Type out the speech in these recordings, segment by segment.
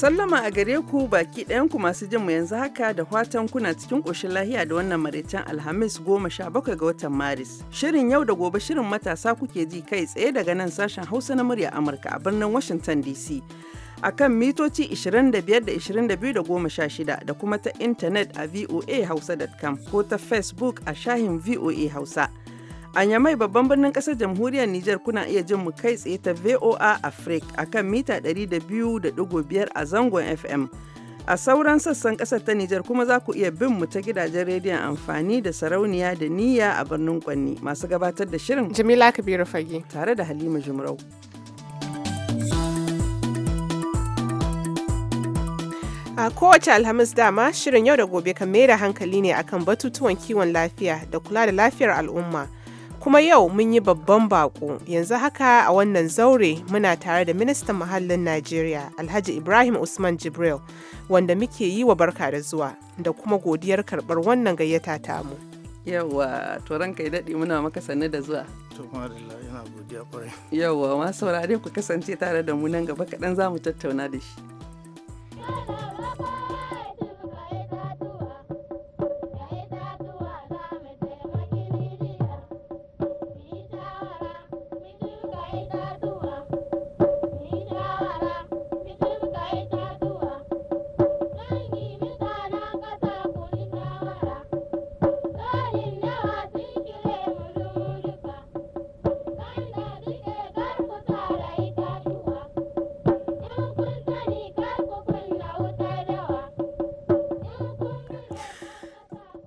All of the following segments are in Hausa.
Sallama a gare ku baki ɗayanku masu jin mu yanzu haka da fatan kuna cikin ƙoshin lahiya da wannan maraicen Alhamis goma sha bakwai ga watan Maris. Shirin yau da gobe shirin matasa kuke ji kai tsaye daga nan sashen Hausa na murya Amurka a birnin Washington DC. A kan mitoci 25 da 22 da goma sha shida da kuma ta intanet a voa voahausa.com ko ta Facebook a shahin VOA Hausa. A Yamai babban birnin kasar jamhuriyar Nijar kuna iya jin mu kai tsaye ta VOA Africa akan mita 200.5 a zangon FM. A sauran sassan kasar ta Nijar kuma za ku iya bin mu ta gidajen rediyon amfani da sarauniya da niyya a birnin Kwanni masu gabatar da shirin. Jamila Kabiru Fage. Tare da Halima Jumrau. A kowace Alhamis dama shirin yau da gobe kan mai da hankali ne akan batutuwan kiwon lafiya da kula da lafiyar al'umma. kuma yau mun yi babban bako yanzu haka a wannan zaure muna tare da ministan muhallin najeriya alhaji ibrahim usman jibril wanda muke yi wa barka da zuwa da kuma godiyar karɓar wannan gayyata ta tamu yawa turan kai daɗi muna maka sannu da zuwa yawa ma saurare ku kasance tare da mu nan gaba kaɗan za mu tattauna da shi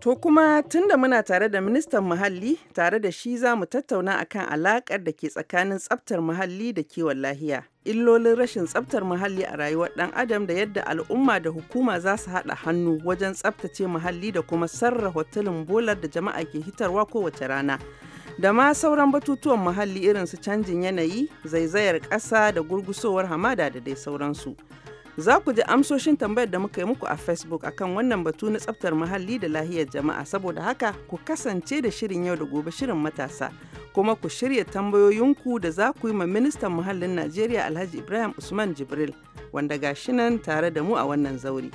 To kuma tunda muna tare da ministan muhalli tare da shi za mu tattauna akan alakar da ke tsakanin tsaftar muhalli da kiwon lahiya. Illolin rashin tsaftar muhalli a rayuwar ɗan adam da yadda al'umma da hukuma za su haɗa hannu wajen tsaftace muhalli da kuma sarrafa tulin bolar da jama'a ke hitarwa kowace rana. Da ma sauran batutuwan muhalli irin su canjin yanayi, zaizayar ƙasa da gurgusowar hamada da dai sauransu. Za ku ji amsoshin tambayar da muka yi muku a Facebook akan wannan batu na tsaftar muhalli da lahiyar jama'a saboda haka ku kasance da shirin yau da gobe shirin matasa kuma ku shirya tambayoyinku da za ku yi ma ministan muhallin Najeriya Alhaji Ibrahim Usman Jibril wanda gashi nan tare da mu a wannan zauri.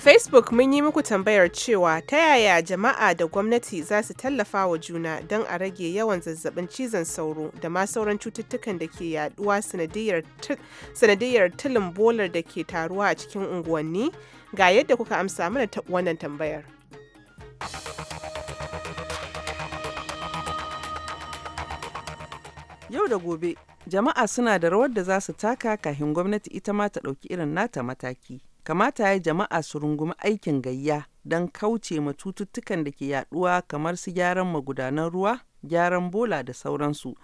Facebook mun yi muku tambayar cewa ta yaya jama'a da gwamnati za su tallafa wa juna don a rage yawan zazzabin cizon sauro da ma sauran cututtukan da ke yaduwa sanadiyar tilin bolar da ke taruwa a cikin unguwanni ga yadda kuka amsa mana wannan tambayar. Yau da gobe, jama'a suna da rawar da za su taka kafin gwamnati ita ma ta ɗauki irin nata mataki. kamata ya jama'a su rungumi aikin gayya don kauce ma cututtukan da ke yaduwa kamar su gyaran magudanan ruwa, gyaran bola da sauransu.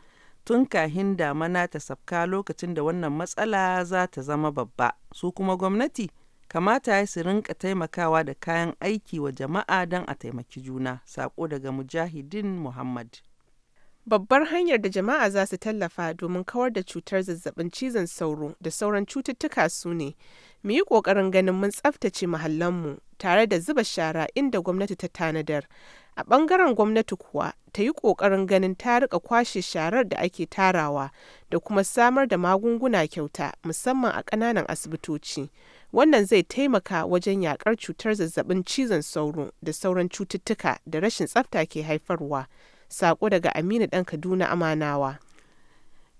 Tun kahin mana ta safka lokacin da wannan matsala za ta zama babba. Su kuma gwamnati kamata ya su rinka taimakawa da kayan aiki wa jama'a don a taimaki juna. Sako daga mujahidin Muhammad. Babbar hanyar da jama'a za su tallafa domin kawar da cutar zazzabin cizon sauro da sauran cututtuka su ne, mu yi ƙoƙarin ganin mun tsaftace mu tare da zuba shara inda gwamnati ta tanadar. A ɓangaren gwamnati kuwa ta yi ƙoƙarin ganin ta riƙa kwashe sharar da ake tarawa da kuma samar da magunguna kyauta musamman a ƙananan asibitoci. Wannan zai taimaka wajen yaƙar cutar zazzabin cizon sauro da sauran cututtuka da rashin tsafta ke haifarwa. Sako daga Aminu ɗan Kaduna Amanawa.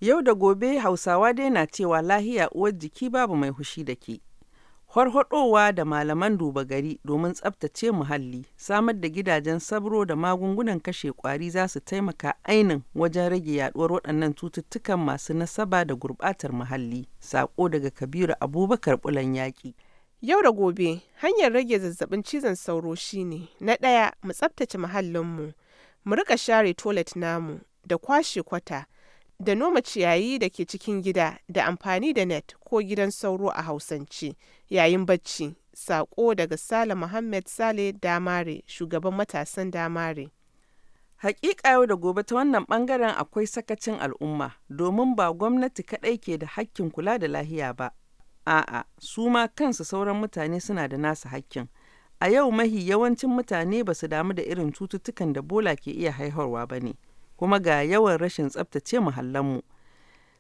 Yau da gobe Hausawa dai na cewa lahiya uwar jiki babu mai hushi da ke. Horhoɗowa da malaman duba gari domin tsabtace muhalli, samar da gidajen sabro da magungunan kashe ƙwari za su taimaka ainin wajen rage yaɗuwar waɗannan cututtukan masu nasaba da gurɓatar muhalli. Sako daga Kabiru Abubakar Bulan Yaƙi. Yau da gobe, hanyar rage zazzabin cizon sauro shine na ɗaya mu tsabtace muhallinmu. mu rika share toilet namu da kwashe kwata da noma ciyayi da ke cikin gida da amfani da net ko gidan sauro a hausance yayin bacci sako daga sale muhammed sale damare shugaban matasan damare Hakika yau da gobe ta wannan bangaren akwai sakacin al'umma domin ba gwamnati kaɗai ke da hakkin kula da lahiya ba. A'a, su ma kansu sauran mutane suna da nasa hakkin. A yau mahi yawancin mutane ba su damu da irin cututtukan da bola ke iya haifarwa ba ne, kuma ga yawan rashin tsabtace muhallanmu.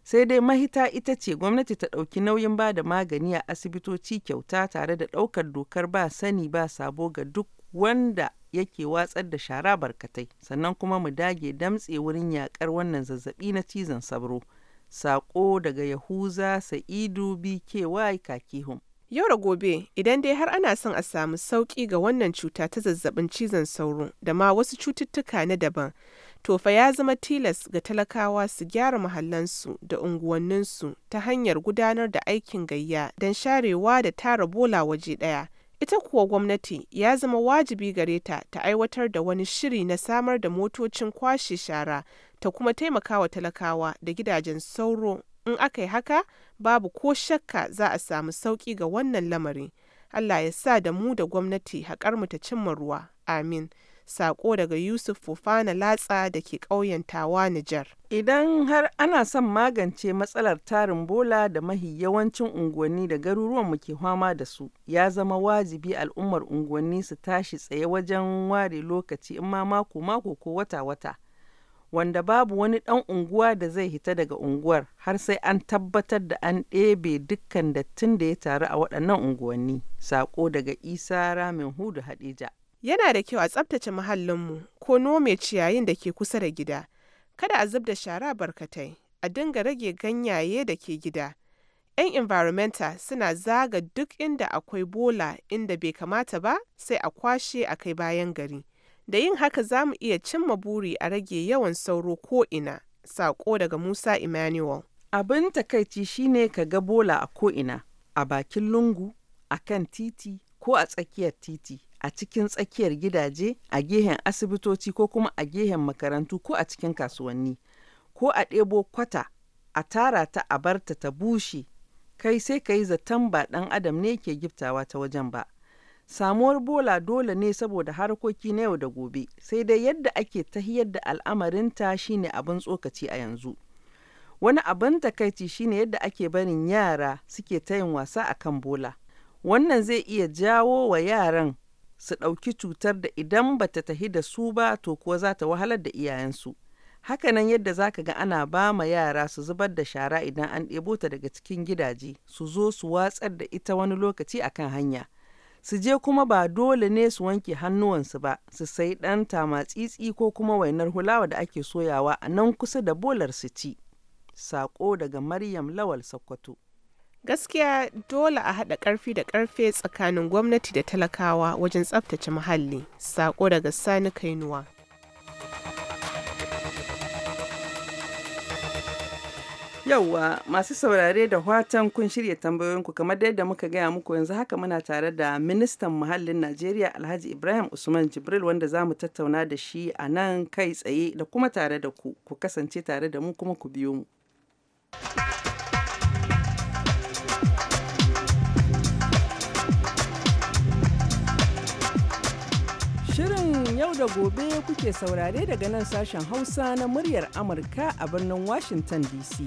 Sai dai mahita ita ce gwamnati ta ɗauki nauyin ba da magani a asibitoci kyauta tare da ɗaukar dokar ba sani ba sabo ga duk wanda yake watsar da shara barkatai, sannan kuma mu dage damtse wurin yaƙar wannan zazzaɓi na cizon sabro. Sako daga Yahuza Sa'idu BKY Kakihun. Yau da gobe idan dai har ana son a samu sauƙi ga wannan cuta ta zazzabin cizon sauro da ma wasu cututtuka na daban, to fa ya zama tilas ga talakawa su gyara mahallansu da unguwanninsu ta hanyar gudanar da aikin gayya don sharewa da tara bola waje ɗaya. Ita kuwa gwamnati ya zama wajibi gare ta ta aiwatar da wani shiri na samar da motocin kwashe shara ta kuma taimakawa talakawa da gidajen sauro in aka yi haka babu ko shakka za a samu sauƙi ga wannan lamari Allah ya sa da mu da gwamnati haƙarmu ta cimma ruwa amin sako daga Yusuf Fufana Latsa da ke ƙauyen Tawa Nijar. Idan har ana son magance matsalar tarin bola da mahi yawancin unguwanni da garuruwan mu ke fama da su, ya zama wajibi al'ummar unguwanni su tashi tsaye wajen ware lokaci in ma mako mako ko wata wata. wanda babu wani ɗan unguwa da zai hita daga unguwar har sai an tabbatar da an ɗebe dukkan dattin da ya taru a waɗannan unguwanni. Sako daga Isa Ramin Hudu Hadija. Yana da kyau a tsabtace muhallinmu ko nome ciyayin da ke kusa da gida. Kada a zub da shara barkatai, a dinga rage ganyaye da ke gida. 'Yan environmental suna zaga duk inda akwai bola inda bai kamata ba sai a kwashe a kai bayan gari. Da yin haka za mu iya cimma buri a rage yawan sauro ko'ina, saƙo daga Musa Emmanuel. Abin takaici shine ka ga bola a ko'ina, a bakin lungu, a kan titi, ko a tsakiyar titi, a cikin tsakiyar gidaje, a gehen asibitoci ko kuma a gehen makarantu ko a cikin kasuwanni, ko a ɗebo kwata, a tara ta a barta ta bushe, kai sai ka yi zaton ba ɗan adam ne ke giftawa ta wajen ba. Samuwar bola dole ne saboda harkoki na yau da gobe, sai dai yadda ake tahiyar da al'amarinta shine abin tsokaci a yanzu. Wani abin takaici shine yadda ake barin yara suke ta yin wasa kan bola. Wannan zai iya jawo wa yaran su ɗauki cutar da idan ba ta tahi da su ba to kuwa za ta wahalar da iyayensu. Hakanan yadda za ka ga ana ba ma yara su zubar da shara idan an ɗebo ta daga cikin gidaje, su zo su watsar da ita wani lokaci akan hanya. su je kuma ba dole ne su wanke hannuwansu ba su sai ɗan tamatsitsi ko kuma wainar hulawa da ake soyawa a nan kusa da bolar su ci sako daga maryam lawal sokoto gaskiya dole a haɗa ƙarfi da ƙarfe tsakanin gwamnati da talakawa wajen tsaftace muhalli sako daga sani kainuwa Yauwa masu saurare da watan kun shirya tambayoyinku kamar yadda muka gaya muku yanzu haka muna tare da ministan muhallin Najeriya Alhaji Ibrahim Usman Jibril wanda zamu tattauna da shi a nan kai tsaye da kuma tare da ku ku kasance tare da mu kuma ku biyo mu. Shirin yau da gobe kuke saurare daga nan sashen Hausa na muryar Amurka a birnin Washington DC.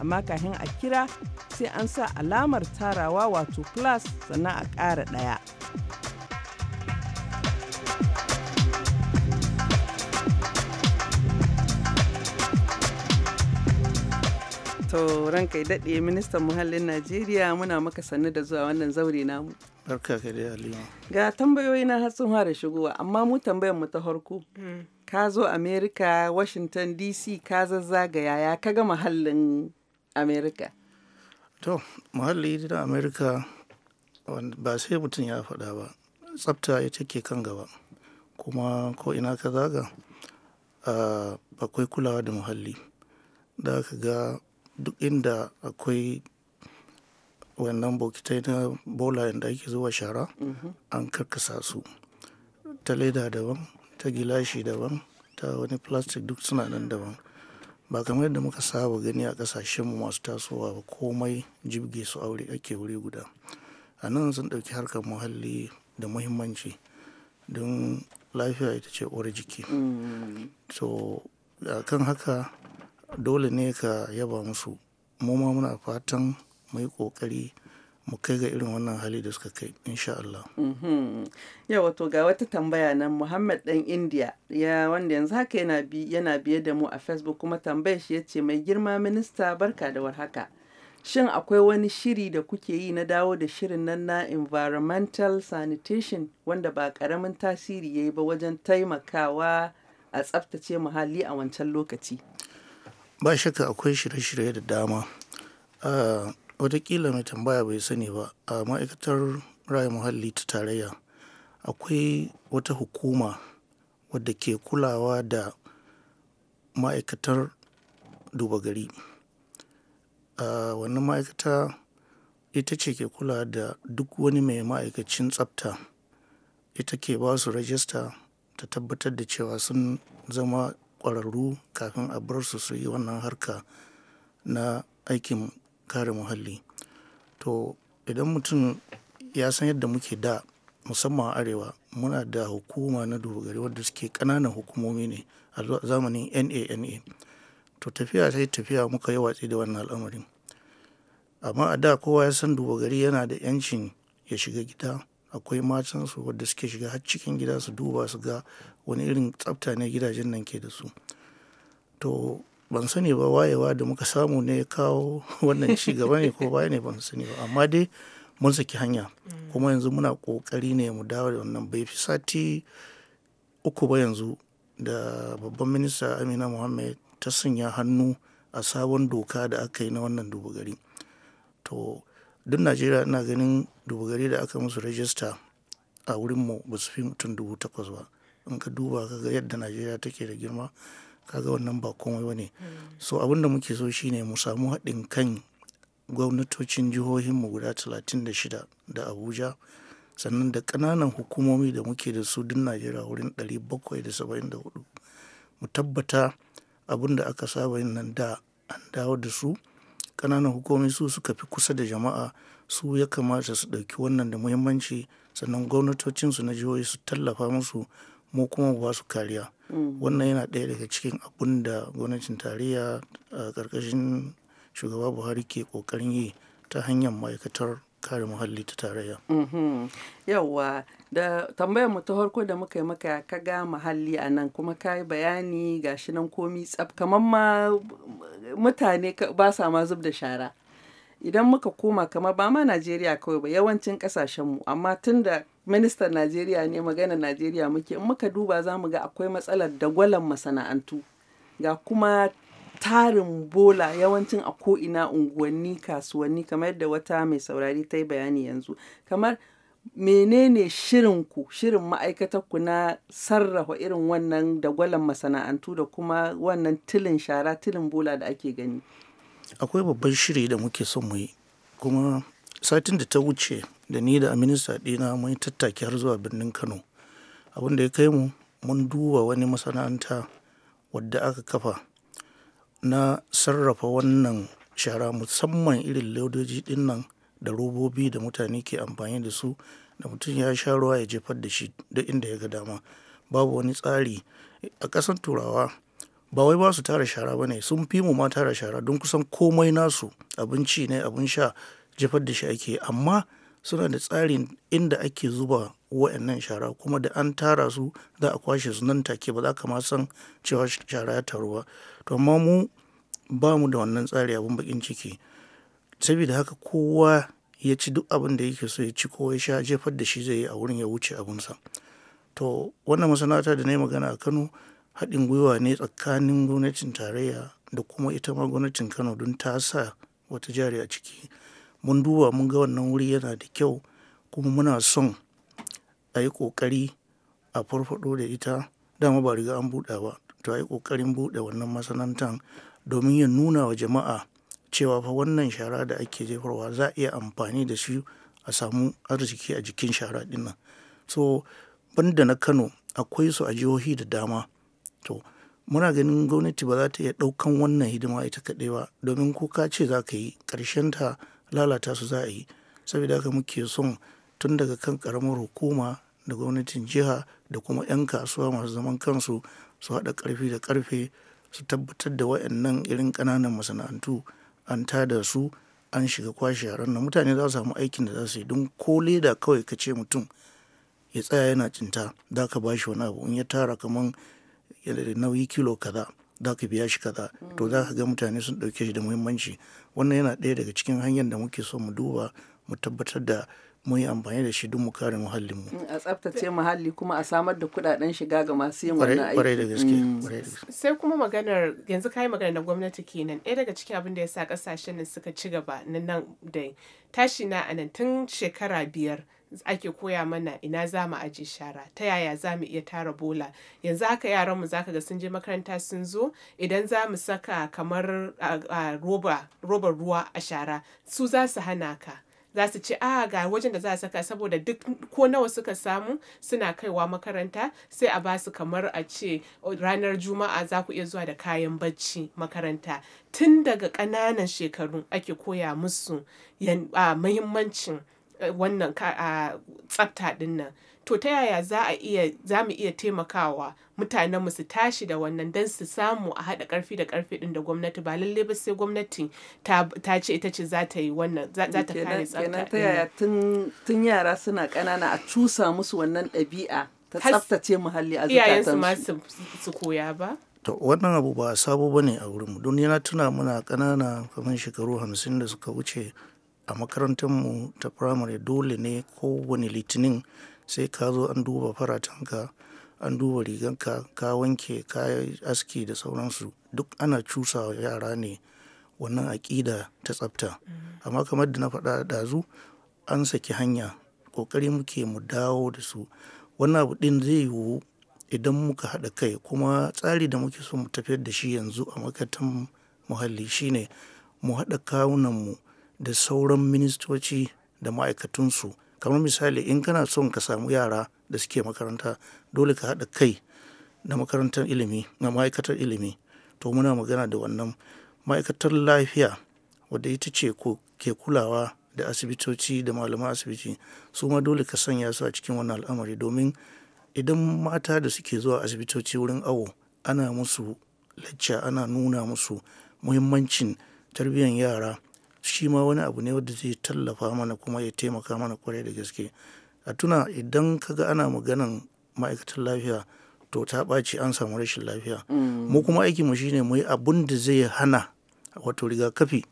amma kafin a kira sai an sa alamar tarawa wato plus sannan a ƙara ɗaya. To ranka daɗe ministan muhallin Najeriya muna maka sannu da zuwa wannan zaure namu. Barka ka dai Ga tambayoyi na hatsin da shigowa amma mu tambayar mu ta harko hmm. Ka zo Amerika, Washington DC ka zazzagaya ya ka ga muhallin amerika to muhalli na america ba sai mutum ya faɗa ba tsafta ita ke kan gaba kuma ko ina ka zaga akwai kulawa da muhalli da ka ga duk inda akwai wannan bokitai na bola da ake zuwa shara mhm. an karkasa su ta leda daban ta gilashi daban ta wani plastic duk suna nan daban ba kamar yadda muka saba gani a mu masu tasowa ba komai jibge su aure ake wuri guda a nan sun ɗauki harkar muhalli da muhimmanci don lafiya ita ce uwar jiki mm. so kan haka dole ne ka yaba musu mu ma muna fatan mai yi ƙoƙari mu kai ga irin wannan hali da suka kai insha Allah. Mm-hmm. Yau wato ga wata tambaya nan Muhammad ɗan India ya wanda yanzu haka yana bi yana biye da mu a Facebook kuma tambayar shi yace mai girma minista barka da warhaka. Shin akwai wani shiri da kuke yi na dawo da shirin nan na environmental sanitation wanda ba karamin tasiri yayi ba wajen taimakawa a tsaftace muhalli a wancan lokaci? Ba shakka akwai shirye-shirye da dama. Ah, Wataƙila mai tambaya bai sani ba, a ma'aikatar raya muhalli ta tarayya akwai wata hukuma wadda ke kulawa da ma'aikatar duba gari. A wannan ma'aikata ita ce ke kula da duk wani mai ma'aikacin tsafta. Ita ke ba su rajista ta tabbatar da cewa sun zama ƙwararru kafin a bar su su yi wannan harka na aikin kare muhalli to idan mutum ya san yadda muke da musamman a arewa muna da hukuma na dogari wadda suke kananan hukumomi ne a zamanin nana to tafiya sai tafiya muka yi watsi da wannan al'amarin amma a da kowa ya san gari yana da yancin ya shiga gida akwai matan su wadda suke shiga har cikin gida su duba su ga wani irin tsafta ne gidajen nan ke da su to ban sani ba wayewa da muka samu ne kawo wannan ci gaba ne ko baya ne ban sani ba amma dai mun saki hanya mm. kuma yanzu muna kokari ne mu dawo da wannan bai fi sati uku ba yanzu da babban minista amina muhammad ta sanya hannu a sabon doka da aka yi na wannan dubu to duk najeriya ina ganin dubu da aka musu rajista a wurinmu ba su fi mutum dubu takwas ba in ka duba ka ga yadda najeriya take da girma kaga wannan ba komai ba ne so abin da muke so shine mu samu haɗin kan gwamnatocin jihohinmu guda 36 da abuja sannan da ƙananan hukumomi da muke da su duk najeriya wurin 774 mu tabbata abin da aka saba yin nan da an dawo da su ƙananan hukumomi su suka fi kusa da jama'a su ya kamata su ɗauki wannan da muhimmanci sannan gwamnatocinsu na jihohi su tallafa musu mu kuma ba su kariya mm. wannan yana ɗaya daga cikin abun da gwamnatin tarayya a ƙarƙashin shugaba buhari ke ƙoƙarin yi ta hanyar ma'aikatar kare muhalli ta tarayya mm-hmm. yawwa da tambayar mu ta farko da muka yi maka ka ga muhalli a nan kuma ka yi bayani ga shi nan komi tsaf kamar ma mutane ba sa ma zub da shara idan muka koma kamar ba ma najeriya kawai ba yawancin kasashenmu amma tun da ministan Najeriya ne magana Najeriya muke in muka duba za mu ga akwai matsalar dagwalan masana'antu ga kuma tarin bola yawancin a ko'ina unguwanni kasuwanni kamar yadda wata mai saurari ta yi bayani yanzu kamar menene shirinku shirin ma'aikatarku na sarrafa irin wannan dagwalan masana'antu da kuma wannan tilin shara tilin bola da ake gani akwai babban shiri da muke son mu yi kuma satin da ta wuce da ni da minista ɗina mun tattaki har zuwa birnin kano abin da ya kai mu mun duba wani masana'anta wadda aka kafa na sarrafa wannan shara musamman irin laudoji dinnan da robobi da mutane ke amfani da su da mutum ya sha ruwa ya jefar da shi da inda ya ga dama babu wani tsari a kasan turawa ba wai ba su tara shara ba ne sun fi mu ma tara shara don kusan komai nasu abinci ne abin sha jefar da shi ake amma suna da tsarin inda ake zuba wa'annan shara kuma da an tara su za a kwashe su nan take ba za ka ma san cewa shara ya taru ba to amma mu ba mu da wannan tsari abin bakin ciki saboda haka kowa ya ci duk abin da yake so ya ci ko ya sha jefar da shi zai yi a wurin ya wuce abinsa to wannan masana'anta da na yi magana a kano haɗin gwiwa ne tsakanin gwamnatin tarayya da kuma ita ma gwamnatin kano don ta sa wata jari a ciki mun duba mun ga wannan wuri yana da kyau kuma muna son a yi ƙoƙari a farfaɗo da ita dama ba riga an buɗa ba to a yi ƙoƙarin buɗe wannan masana'antar domin ya nuna wa jama'a cewa fa wannan shara da ake jefarwa za a iya amfani da shi a samu arziki a jikin shara ɗin nan so banda na kano akwai su a jihohi da dama to muna ganin gwamnati ba za ta iya ɗaukan wannan hidima ita kaɗai ba domin ko ka ce za ka yi ƙarshen ta. lalata su za a yi saboda haka muke son tun daga kan karamar hukuma da gwamnatin jiha da kuma 'yan kasuwa masu zaman kansu su haɗa ƙarfi da ƙarfe su tabbatar da waɗannan irin ƙananan masana'antu an tada su an shiga kwashe yaran nan mutane za su samu aikin da za su yi don ko leda kawai ka ce mutum ya tsaya yana cinta za ka ba shi wani abu in ya tara kamar nauyi kilo kaza zaka aka biya shi kaza to za ka ga mutane sun ɗauke shi da muhimmanci wannan yana ɗaya daga cikin hanyar da muke so mu duba mu tabbatar da mu yi amfani da shi don mu kare muhallinmu. Mm, a tsaftace muhalli kuma a samar da kuɗaɗen shiga ga masu yin wannan aiki mm. kwarai da gaske sai kuma maganar yanzu yi maganar da gwamnati kenan ɗaya daga cikin abin da ya sa ƙasashen nan suka ci gaba na nan da tashi na anan tun shekara biyar ake koya mana ina za mu aje shara ta yaya za mu iya tara bola yanzu haka yaranmu za ka ga sun je makaranta sun zo idan za mu saka kamar roba ruwa a shara su za su hana ka za su ce a ah, ga wajen da za a saka saboda duk ko nawa suka samu suna kaiwa makaranta sai a ba su kamar a ce oh, ranar juma'a za ku iya zuwa da kayan bacci makaranta tun daga ƙananan shekaru ake koya musu muhimmancin wannan tsafta din nan to ta yaya za a iya za mu iya taimakawa mutanen su tashi da wannan don su samu a haɗa ƙarfi da ƙarfi din da gwamnati ba lalle ba sai gwamnati ta ce ita ce za ta yi wannan za ta kare tsafta ta yaya tun yara suna ƙanana a cusa musu wannan ɗabi'a ta tsaftace muhalli a ma su koya ba wannan abu ba sabo bane a wurin mu don tuna muna kanana kamar shekaru hamsin da suka wuce a makarantar mu ta firamare dole ne kowane litinin sai ka zo an duba faratanka an duba riganka ka wanke ka aski da sauransu duk ana cusa yara ne wannan aƙida ta tsafta mm-hmm. amma kamar da na faɗa ɗazu an saki hanya ƙoƙari muke mu dawo da su wannan abu ɗin zai yiwu idan muka haɗa kai kuma tsari da muke so mu tafiyar da shi yanzu a makatan muhalli shine mu haɗa kawunanmu da sauran ministoci da ma'aikatunsu kamar misali in kana son ka samu yara da suke makaranta dole ka haɗa kai na makarantar ilimi na ma'aikatar ilimi to muna magana da wannan ma'aikatar lafiya wadda ita ce ke kulawa da asibitoci da malaman asibiti su ma dole ka sanya su a cikin wannan al'amari domin idan mata da suke zuwa asibitoci wurin awo ana musu lacca ana nuna musu muhimmancin tarbiyyar yara shi ma wani abu ne wanda zai tallafa mana kuma ya taimaka mana kwarai da gaske a tuna idan kaga ana maganan ma'aikatan lafiya to ta ɓaci an samu rashin lafiya mm. mu kuma aiki mu shine mu yi abun da zai hana wato rigakafi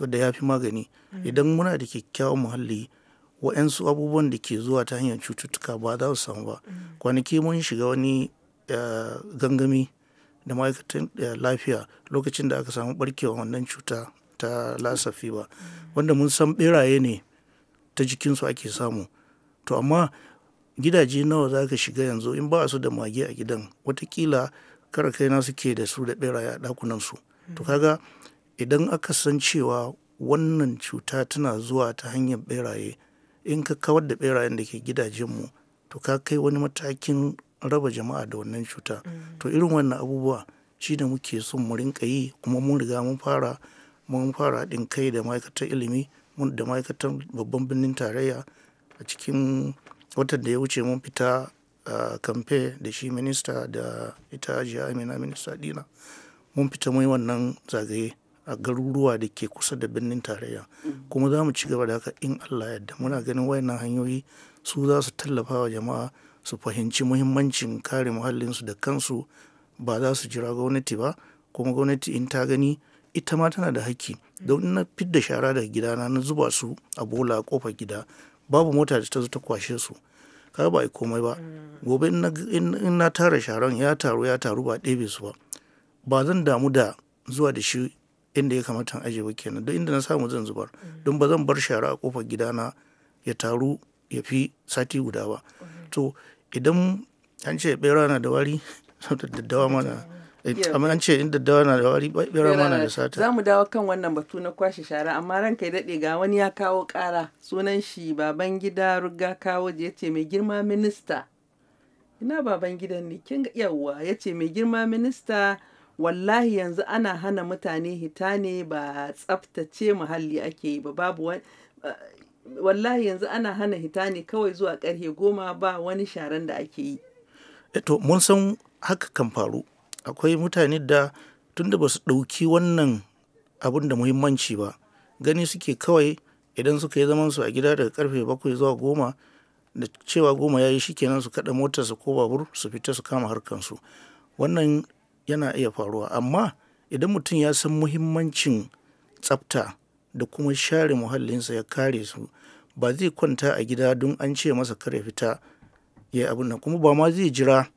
wadda ya fi magani mm. idan muna da kyakkyawan muhalli wa'yansu abubuwan da ke zuwa ta hanyar cututtuka ba za su samu ba mm. kwanaki mun shiga wani eh, gangami da ma'aikatan eh, lafiya lokacin da aka samu barkewa wannan cuta ta lasafi ba wanda mun san beraye ne ta jikinsu ake samu to amma gidaje nawa za ka shiga yanzu in ba su da mage a gidan watakila kara kaina suke da su da beraye a ɗakunansu to kaga idan aka san cewa wannan cuta tana zuwa ta hanyar beraye in ka kawar da berayen da ke gidajenmu to ka kai wani matakin raba jama'a da wannan cuta to irin wannan abubuwa shi da muke son mu rinka yi kuma mun riga mun fara mun fara haɗin kai da ma'aikatar ilimi da ma'aikatar babban birnin tarayya a cikin watan da ya wuce mun fita a ah, kamfe da shi minista da ita ajiya amina minista dina mun fita mai wannan zagaye a garuruwa da ke kusa da birnin tarayya kuma za mu ci gaba da haka in allah yadda muna ganin wayannan hanyoyi su za su tallafa wa jama'a su fahimci muhimmancin kare muhallinsu da kansu ba za su jira gwamnati ba kuma gwamnati in ta gani ita ma tana da haƙƙi don na fidda shara daga gidana na zuba su a bola a kofar gida babu mota da ta zo ta kwashe su ka ba komai ba gobe in na tara sharan ya taru ya taru ba ɗebe su ba ba zan damu da zuwa da shi inda ya kamata aje ba kenan don inda na samu zan zubar don ba zan bar shara a kofar na ya taru ya fi sati guda ba to idan an ce bera na da wari da daddawa mana a an ce inda dawa na da wari bera mana da sata za mu dawo kan wannan batu na kwashe shara amma ranka ya daɗe ga wani ya kawo ƙara sunan shi baban gida ruga kawo ya ce mai girma minista ina baban gidan ne kin yawwa ya ce mai girma minista wallahi yanzu ana hana mutane hita ne ba tsaftace muhalli ake yi ba babu wani wallahi yanzu ana hana hita ne kawai zuwa karhe goma ba wani sharan da ake yi eto mun san haka kan faru akwai mutane da tunda ba su ɗauki wannan abun da muhimmanci ba gani suke kawai idan suka yi su a gida daga karfe bakwai zuwa goma da cewa goma ya yi kenan su kaɗa motar su ko babur su fita su kama harkansu wannan yana iya faruwa amma idan mutum ya san muhimmancin tsafta da kuma share muhallinsa ya kare su ba zai kwanta a gida don an ce masa kare fita ya yi abin nan kuma ba ma zai jira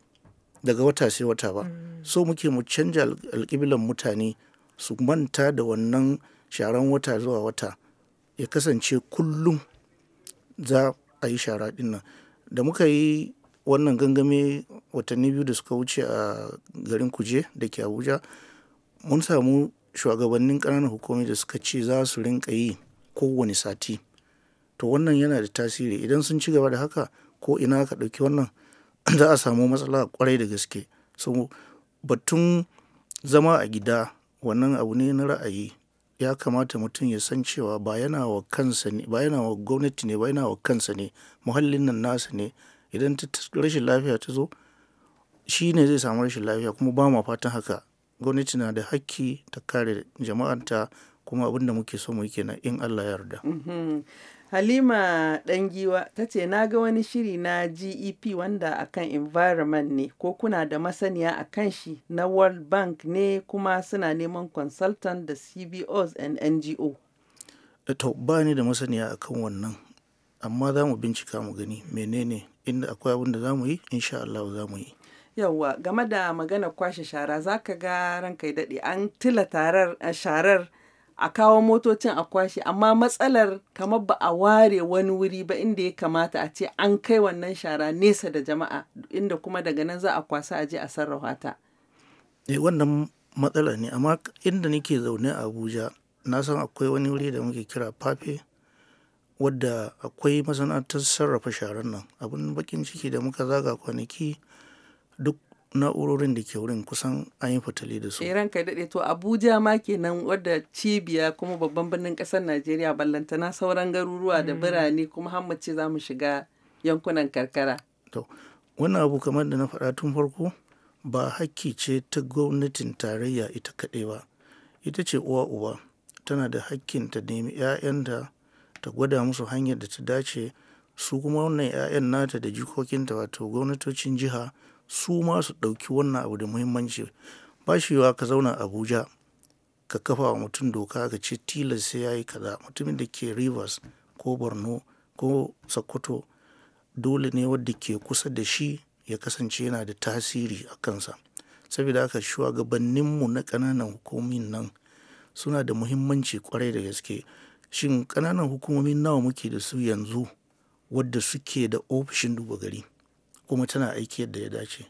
daga wata sai wata ba mm. so muke mu canja alƙibilan mutane su manta da wannan sharan wata zuwa wata ya kasance kullum za a yi shara ɗin nan da muka yi wannan gangame watanni biyu da suka wuce a garin kuje da ke abuja mun samu shugabannin ƙananan hukumi da suka ce za su rinka yi kowane sati to wannan yana da tasiri idan sun ci gaba da haka ko ina ka ɗauki wannan za a samu matsala kwarai da gaske so batun zama a gida wannan abu ne na ra'ayi ya kamata mutum ya san cewa ba yana wa kansa ne ba yana wa gwamnati ne ba yana wa kansa ne muhallin nan nasa ne idan ta rashin lafiya ta zo shi ne zai samu rashin lafiya kuma ba ma fatan haka gwamnati na da hakki ta kare jama'anta kuma abinda da muke so mu yi kenan in Allah ya yarda. Mm-hmm. Halima Ɗangiwa ta ce na ga wani shiri na GEP wanda akan environment ne ko kuna da masaniya a kan shi na World Bank ne kuma suna neman consultant da CBOs and NGO. Eh to ba ni da masaniya a kan wannan amma za mu bincika mu gani menene inda akwai abin da za mu yi insha Allah za mu yi. Yawwa game da magana kwashe shara za ka ga ranka daɗe an tila tarar sharar a kawo motocin a kwashe amma matsalar kamar ba a ware wani wuri ba inda ya kamata a ce an kai wannan shara nesa da jama'a inda kuma daga nan za a kwasa a je a sarrafa ta eh wannan matsala ne amma inda nake zaune a Abuja na san akwai wani wuri da muke kira fafe wadda akwai masana'antar sarrafa sharan nan abin bakin ciki da muka zaga kwanaki duk na'urorin da ke wurin kusan an yi fatali da su. Iran eh, kai daɗe to Abuja ma kenan wadda cibiya kuma babban birnin ƙasar Najeriya ballantana sauran garuruwa da mm. birane kuma har ce za mu shiga yankunan karkara. To wannan abu kamar da na faɗa tun farko ba hakki ce ta gwamnatin tarayya ita kaɗai ba ita ce uwa uba tana da hakkin ta nemi 'ya'yanta ta gwada musu hanyar da ta dace su kuma wannan 'ya'yan nata da jikokinta wato gwamnatocin jiha su ma su ɗauki wannan abu da muhimmanci ba shi yiwa ka zauna abuja ka kafa wa mutum doka ka ce tilas sai ya yi kaza mutumin da ke rivers ko borno ko sokoto dole ne wadda ke kusa da shi ya kasance yana da tasiri a kansa saboda haka shugabanninmu na ƙananan hukumomin nan suna da muhimmanci kwarai da gaske shin ƙananan hukumomin nawa muke da su yanzu wadda suke da ofishin duba gari kuma tana aiki yadda ya dace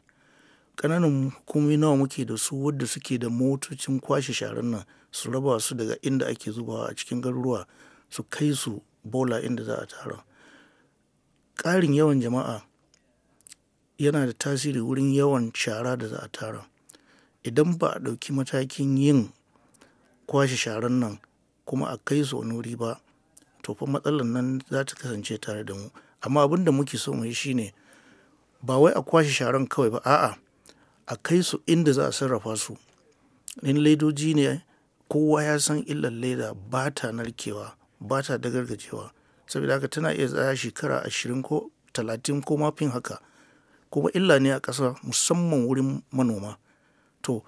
ƙananan hukumomi nawa muke da su wadda suke da motocin kwashe sharan nan su raba su daga inda ake zubawa a cikin garuruwa su kai su bola inda za a tara ƙarin yawan jama'a yana da tasiri wurin yawan shara da za a tara idan ba a ɗauki matakin yin kwashe sharan nan kuma a kai su wani wuri ba to fa matsalar nan za ta kasance tare da mu amma abin da muke so mu yi shine ba wai a kwashe sharan kawai ba a'a a kai su inda za a sarrafa su in ledoji ne kowa ya san illar leda ba ta narkewa ba ta dagargajewa saboda haka tana iya tsaya shekara ashirin ko talatin ko mafin haka kuma illa ne a ƙasa musamman wurin manoma to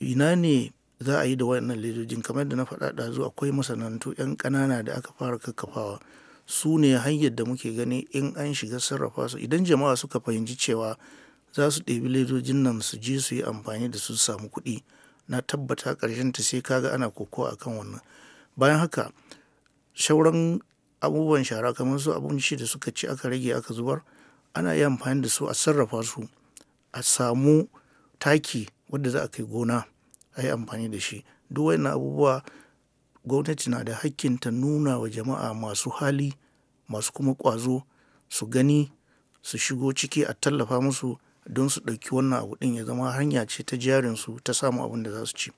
ina ne za a yi da waɗannan ledojin kamar da na faɗa ɗazu akwai masana'antu 'yan ƙanana da aka fara kakkafawa su ne hanyar da muke gani in an shiga sarrafa su idan jama'a suka fahimci cewa za su ɗebi ledojin nan su je su yi amfani da su samu kuɗi na tabbata ƙarshen ta sai kaga ana koko a kan wannan bayan haka shauran abubuwan shara kamar su abinci da suka ci aka rage aka zubar ana yi amfani da su a sarrafa su a samu taki wadda za a kai gona a yi amfani da shi duk wannan abubuwa gwamnati na da hakkin ta nuna wa jama'a masu hali masu kuma ƙwazo su gani su shigo ciki a tallafa musu don su ɗauki wannan abu ɗin ya zama hanya ce ta jarin su ta samun abin da za su ci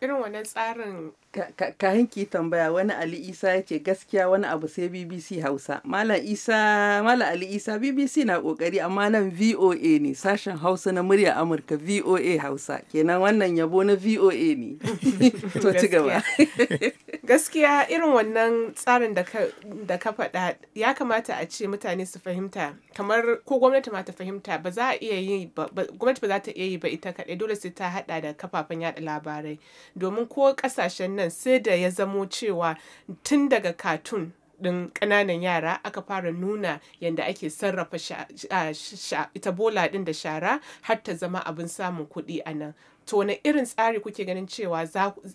irin wani tsarin ka hanki tambaya wani ali isa ya ce gaskiya wani abu sai bbc hausa malam ali isa bbc na kokari amma nan voa ne sashen hausa na murya amurka voa hausa kenan wannan yabo na voa ne to ci gaba gaskiya irin wannan tsarin da ka faɗa ya kamata a ce mutane su fahimta kamar ko gwamnati ma ta fahimta ba za a iya yi ba gwamnati ba za ta iya yi ba ita kaɗai dole sai ta haɗa da kafafen yaɗa labarai domin ko ƙasashen nan sai da ya zamo cewa tun daga katun ɗin ƙananan yara aka fara nuna yadda ake sarrafa ita bola ɗin da shara har ta zama abin samun kuɗi a nan to wani irin tsari kuke ganin cewa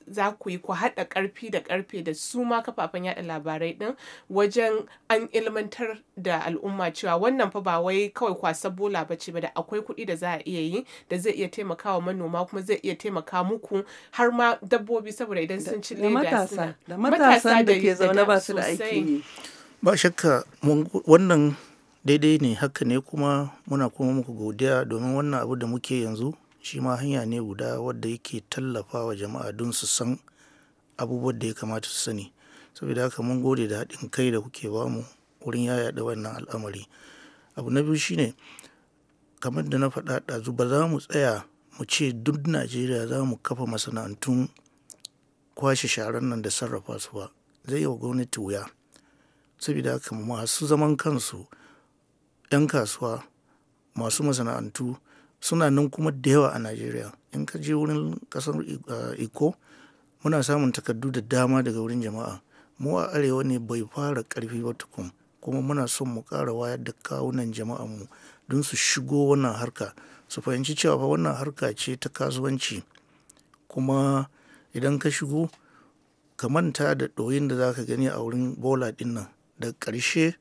za ku yi ku haɗa ƙarfi da ƙarfe da su ma kafafen yada labarai ɗin wajen an ilmantar da al'umma cewa wannan fa ba wai kawai kwasa bola ba ce ba da akwai kuɗi da za a iya yi da zai iya taimakawa manoma kuma zai iya taimaka muku har ma dabbobi saboda idan sun ci leda matasa da matasa da ke zaune ba su da aiki ba shakka wannan daidai ne haka ne kuma muna kuma muku godiya domin wannan abu da muke yanzu shi ma hanya ne guda wadda yake tallafawa jama'a don su san abubuwan da ya kamata su sani. Saboda haka mun gode da haɗin kai da kuke ba mu wurin ya yaɗa wannan al'amari. Abu na biyu shine kamar da na faɗa ɗazu ba za mu tsaya mu ce duk Najeriya za mu kafa masana'antun kwashe sharan nan da sarrafa su ba. Zai yi wa gwamnati wuya. Saboda haka masu zaman kansu, 'yan kasuwa, masu masana'antu suna nan kuma da yawa a najeriya in ka je wurin kasar eh, iko muna samun takardu da dama daga wurin jama'a mu a arewa ne bai fara karfi ba tukun kuma muna son mu kara wayar da kawunan jama'a mu don su shigo wannan harka su fahimci cewa fa wannan harka ce ta kasuwanci kuma idan ka shigo ka manta da ɗoyin da za ka gani a wurin bola ɗin nan da ƙarshe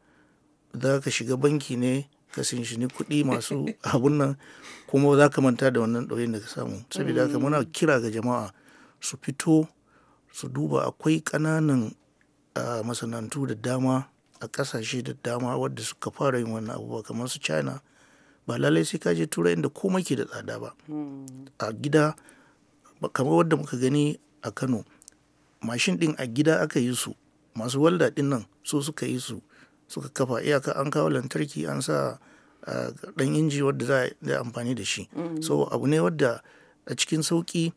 za ka shiga banki ne ka ni kuɗi masu abun nan kuma za ka manta da wannan ɗauyin da ka samu saboda haka muna kira ga jama'a su fito su duba akwai ƙananan masana'antu da dama a ƙasashe da dama wadda suka fara yin wannan abubuwa kamar su china ba lalai sai ka je turai inda komai ke da tsada ba a gida kamar wadda muka gani a kano mashin ɗin a gida aka yi su masu walda ɗin nan so suka yi su suka kafa iyaka an kawo lantarki an sa dan inji wadda za a amfani da shi mm. so abu ne wadda a cikin sauki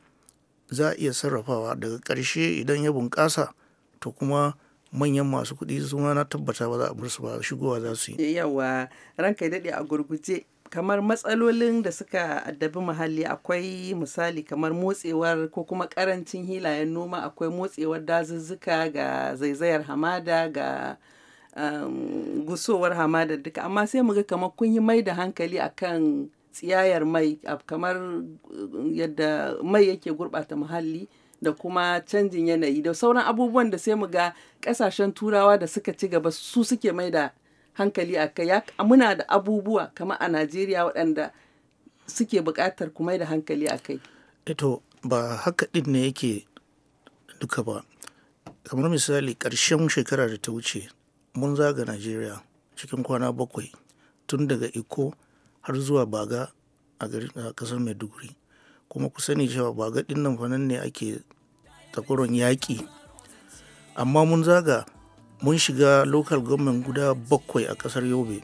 za a iya sarrafawa daga karshe idan ya bunƙasa to kuma manyan masu kuɗi su na tabbata ba za a bar su ba shigowa za su yi yawa ranka daɗe a gurguje kamar matsalolin da suka addabi muhalli akwai misali kamar motsewar ko kuma karancin hilayen noma akwai motsewar dazuzzuka ga zaizayar hamada ga um, gusowar hamadar duka amma sai muga ga kamar kun yi mai da hankali akan tsiyayar mai kamar um, yadda mai yake gurɓata muhalli da kuma canjin yanayi da sauran abubuwan da sai muga ƙasashen turawa da suka ci gaba su suke mai da hankali a kai muna da abubuwa kamar a najeriya waɗanda suke buƙatar ku mai da hankali a kai ito eh ba haka ɗin ne yake duka ba kamar misali ƙarshen shekara da ta wuce mun zaga najeriya cikin kwana bakwai tun daga iko har zuwa baga a kasar maiduguri kuma ku sani cewa baga dinnan fanan ne ake takwaron yaƙi amma mun zaga mun shiga local government guda bakwai a kasar yobe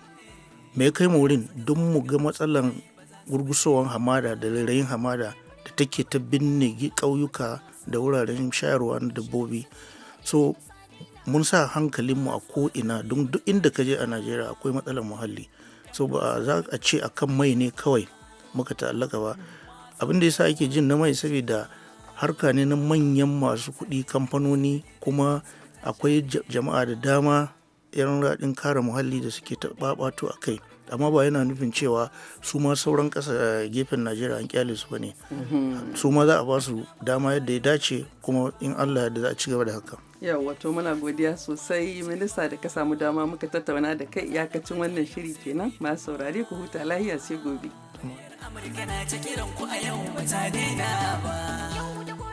Me kai mu wurin don mu ga matsalan gurgusowan hamada da rairayin hamada da take ta binne ƙauyuka da wuraren shayarwa na dabbobi so mun sa hankalinmu a ko'ina don duk inda ka je a najeriya akwai matsalar muhalli so ba za a ce a kan mai ne kawai muka ta'allaka ba abin da ya sa ake jin na mai saboda harka ne na manyan masu kuɗi kamfanoni kuma akwai jama'a da dama yan raɗin kare muhalli da suke taɓaɓato a kai amma ba yana nufin cewa su ma sauran ƙasa gefen najeriya an kyale su ba ne mm-hmm. su ma za a ba su dama yadda ya dace kuma in allah yadda za a ci gaba da haka Yau wato muna godiya sosai minista da ka samu dama muka tattauna da kai iyakacin wannan shiri kenan masu saurare ku huta lahiya sai gobe. Amurka na ta kiran ku a yau ba daina ba.